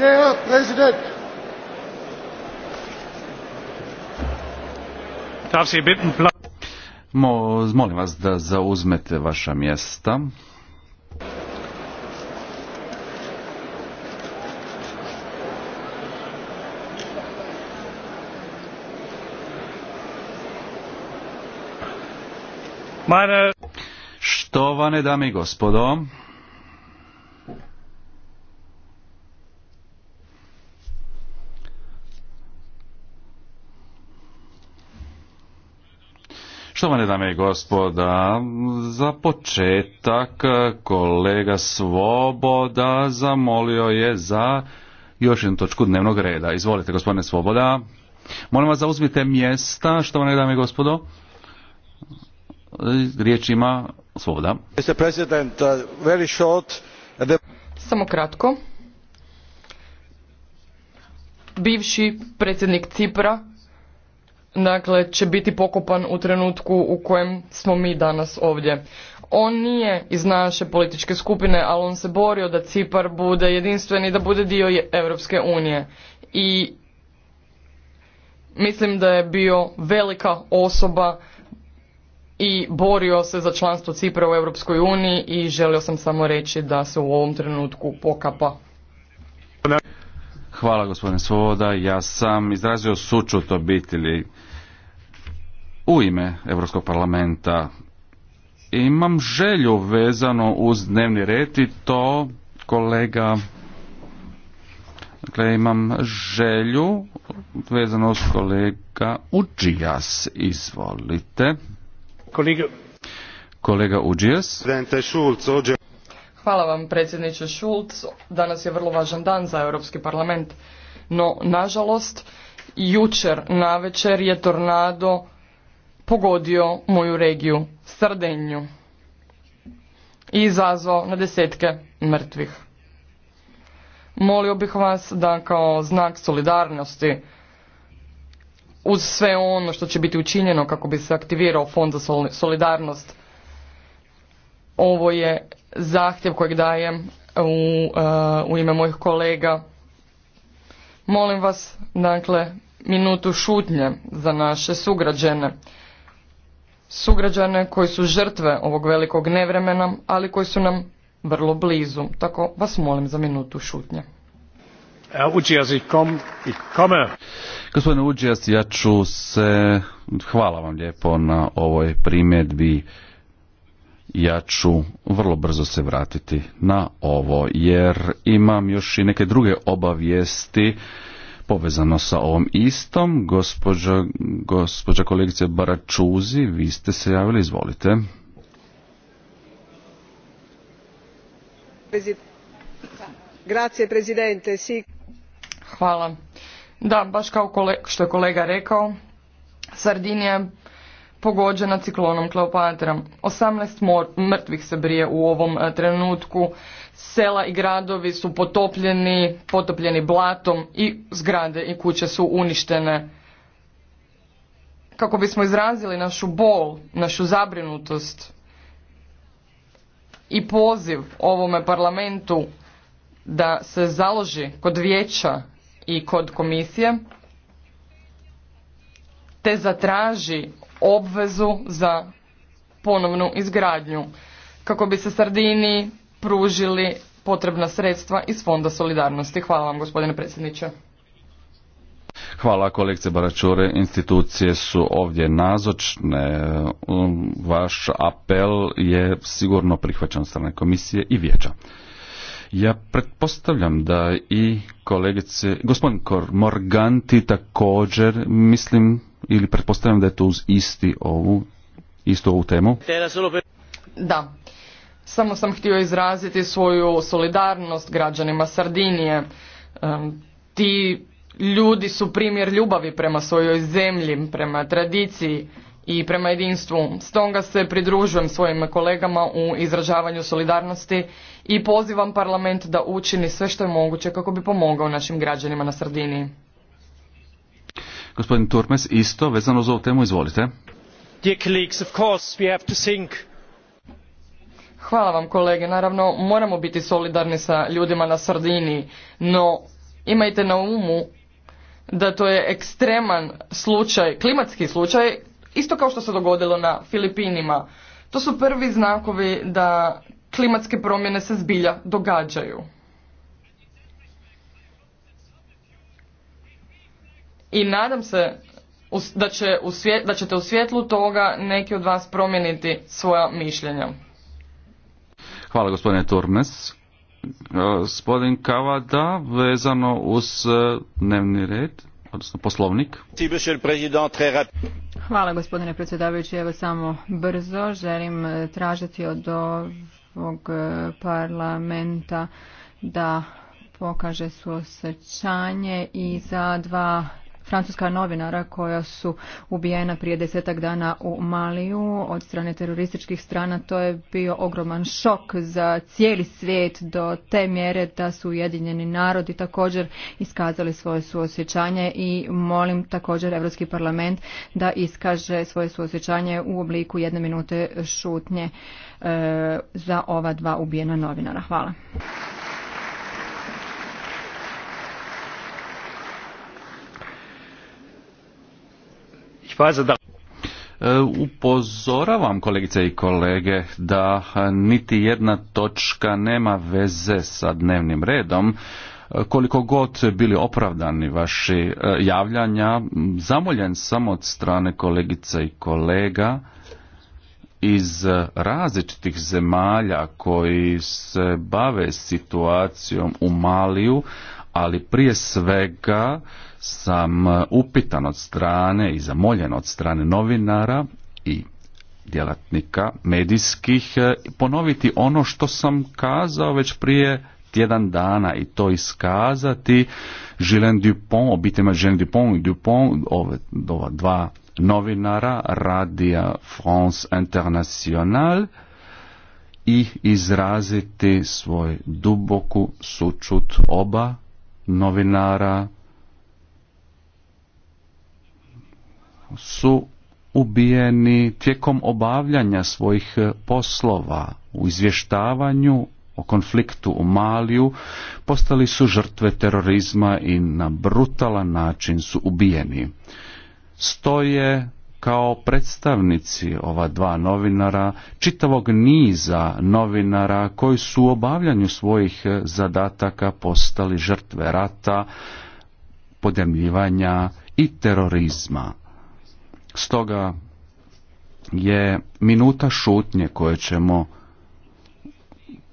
Herr Präsident! Darf Sie bitten, Mo, molim vas da zauzmete vaša mjesta. Meine... Štovane dame i gospodo, Štovane dame i gospoda, za početak kolega Svoboda zamolio je za još jednu točku dnevnog reda. Izvolite gospodine Svoboda. Molim vas zauzmite mjesta, štovane dame i gospodo. Riječ ima Svoboda. Uh, Samo kratko. Bivši predsjednik Cipra dakle, će biti pokopan u trenutku u kojem smo mi danas ovdje. On nije iz naše političke skupine, ali on se borio da Cipar bude jedinstven i da bude dio Europske unije. I mislim da je bio velika osoba i borio se za članstvo Cipra u Europskoj uniji i želio sam samo reći da se u ovom trenutku pokapa Hvala gospodine Svoboda, ja sam izrazio sučut obitelji u ime Europskog parlamenta. Imam želju vezano uz dnevni red i to kolega Dakle, imam želju vezano uz kolega Uđijas. Izvolite. Kolega, kolega Uđijas. Hvala vam predsjedniče Šulc. Danas je vrlo važan dan za Europski parlament. No, nažalost, jučer večer je tornado pogodio moju regiju, Sardenju. I izazvao na desetke mrtvih. Molio bih vas da kao znak solidarnosti uz sve ono što će biti učinjeno kako bi se aktivirao fond za solidarnost ovo je zahtjev kojeg dajem u, uh, u ime mojih kolega. Molim vas, dakle, minutu šutnje za naše sugrađene. Sugrađane koji su žrtve ovog velikog nevremena, ali koji su nam vrlo blizu. Tako vas molim za minutu šutnje. Gospodine Uđijas, ja ću se... Hvala vam lijepo na ovoj primjedbi ja ću vrlo brzo se vratiti na ovo, jer imam još i neke druge obavijesti povezano sa ovom istom. Gospođa, gospođa kolegice Baračuzi, vi ste se javili, izvolite. Hvala. Da, baš kao što je kolega rekao, Sardinija pogođena ciklonom Kleopatra. 18 mrtvih se brije u ovom e, trenutku. Sela i gradovi su potopljeni, potopljeni blatom i zgrade i kuće su uništene. Kako bismo izrazili našu bol, našu zabrinutost i poziv ovome parlamentu da se založi kod vijeća i kod komisije te zatraži obvezu za ponovnu izgradnju kako bi se Sardini pružili potrebna sredstva iz Fonda solidarnosti. Hvala vam gospodine predsjedniče. Hvala kolegice Baračure, institucije su ovdje nazočne, um, vaš apel je sigurno prihvaćan strane komisije i vijeća. Ja pretpostavljam da i kolegice, gospodin Morganti također, mislim ili pretpostavljam da je to uz isti ovu, istu ovu temu. Da, samo sam htio izraziti svoju solidarnost građanima Sardinije. Ti ljudi su primjer ljubavi prema svojoj zemlji, prema tradiciji i prema jedinstvu. Stoga se pridružujem svojim kolegama u izražavanju solidarnosti i pozivam parlament da učini sve što je moguće kako bi pomogao našim građanima na Sardiniji. Gospodin Turmes, isto vezano za ovu temu, izvolite. Hvala vam kolege, naravno moramo biti solidarni sa ljudima na Sardini, no imajte na umu da to je ekstreman slučaj, klimatski slučaj, isto kao što se dogodilo na Filipinima. To su prvi znakovi da klimatske promjene se zbilja događaju. i nadam se da, će u svjet, da ćete u svjetlu toga neki od vas promijeniti svoja mišljenja. Hvala gospodine Turmes. E, gospodin Kavada, vezano uz e, dnevni red, odnosno poslovnik. Hvala gospodine predsjedavajući, evo samo brzo želim e, tražiti od ovog parlamenta da pokaže suosećanje i za dva francuska novinara koja su ubijena prije desetak dana u Maliju od strane terorističkih strana. To je bio ogroman šok za cijeli svijet do te mjere da su Ujedinjeni narodi također iskazali svoje suosjećanje i molim također Europski parlament da iskaže svoje suosjećanje u obliku jedne minute šutnje e, za ova dva ubijena novinara. Hvala. E, upozoravam kolegice i kolege da niti jedna točka nema veze sa dnevnim redom. E, koliko god bili opravdani vaši e, javljanja, zamoljen sam od strane kolegica i kolega iz različitih zemalja koji se bave situacijom u Maliju, ali prije svega sam e, upitan od strane i zamoljen od strane novinara i djelatnika medijskih e, ponoviti ono što sam kazao već prije tjedan dana i to iskazati Žilen Dupont, obitima Žilen Dupont i Dupont, ova dva novinara radija France International i izraziti svoj duboku sučut oba novinara su ubijeni tijekom obavljanja svojih e, poslova u izvještavanju o konfliktu u Maliju, postali su žrtve terorizma i na brutalan način su ubijeni. Stoje kao predstavnici ova dva novinara, čitavog niza novinara koji su u obavljanju svojih e, zadataka postali žrtve rata, podemljivanja i terorizma. Stoga je minuta šutnje koje ćemo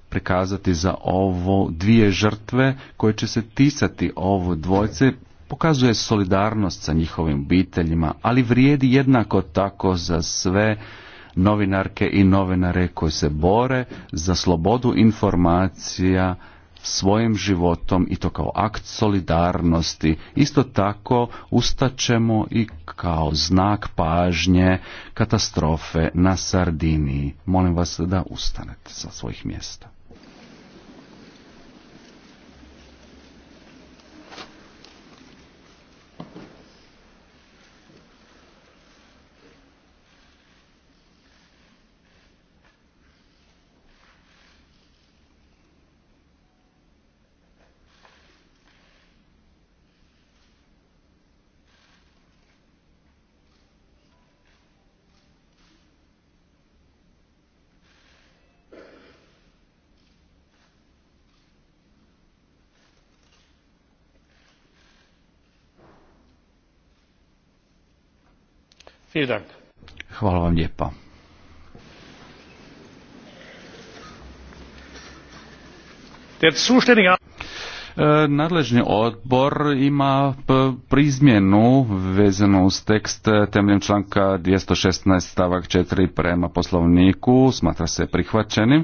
prikazati za ovo dvije žrtve koje će se tisati ovo dvojce pokazuje solidarnost sa njihovim obiteljima, ali vrijedi jednako tako za sve novinarke i novinare koji se bore za slobodu informacija svojim životom i to kao akt solidarnosti. Isto tako ustaćemo i kao znak pažnje katastrofe na Sardiniji. Molim vas da ustanete sa svojih mjesta. Hvala vam lijepa. Der zuständige E, nadležni odbor ima prizmjenu vezanu uz tekst temeljem članka 216 stavak 4 prema poslovniku, smatra se prihvaćenim.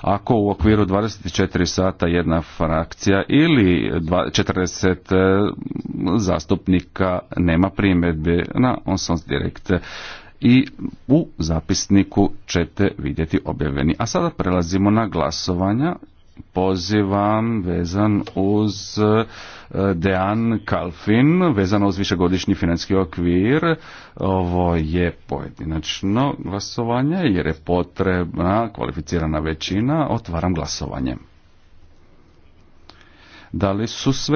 Ako u okviru 24 sata jedna frakcija ili 40 e, zastupnika nema primjedbe na Onsons Direkt i u zapisniku ćete vidjeti objavljeni. A sada prelazimo na glasovanja pozivam vezan uz e, Dean Kalfin, vezano uz višegodišnji financijski okvir. Ovo je pojedinačno glasovanje jer je potrebna kvalificirana većina. Otvaram glasovanje. Da li su sve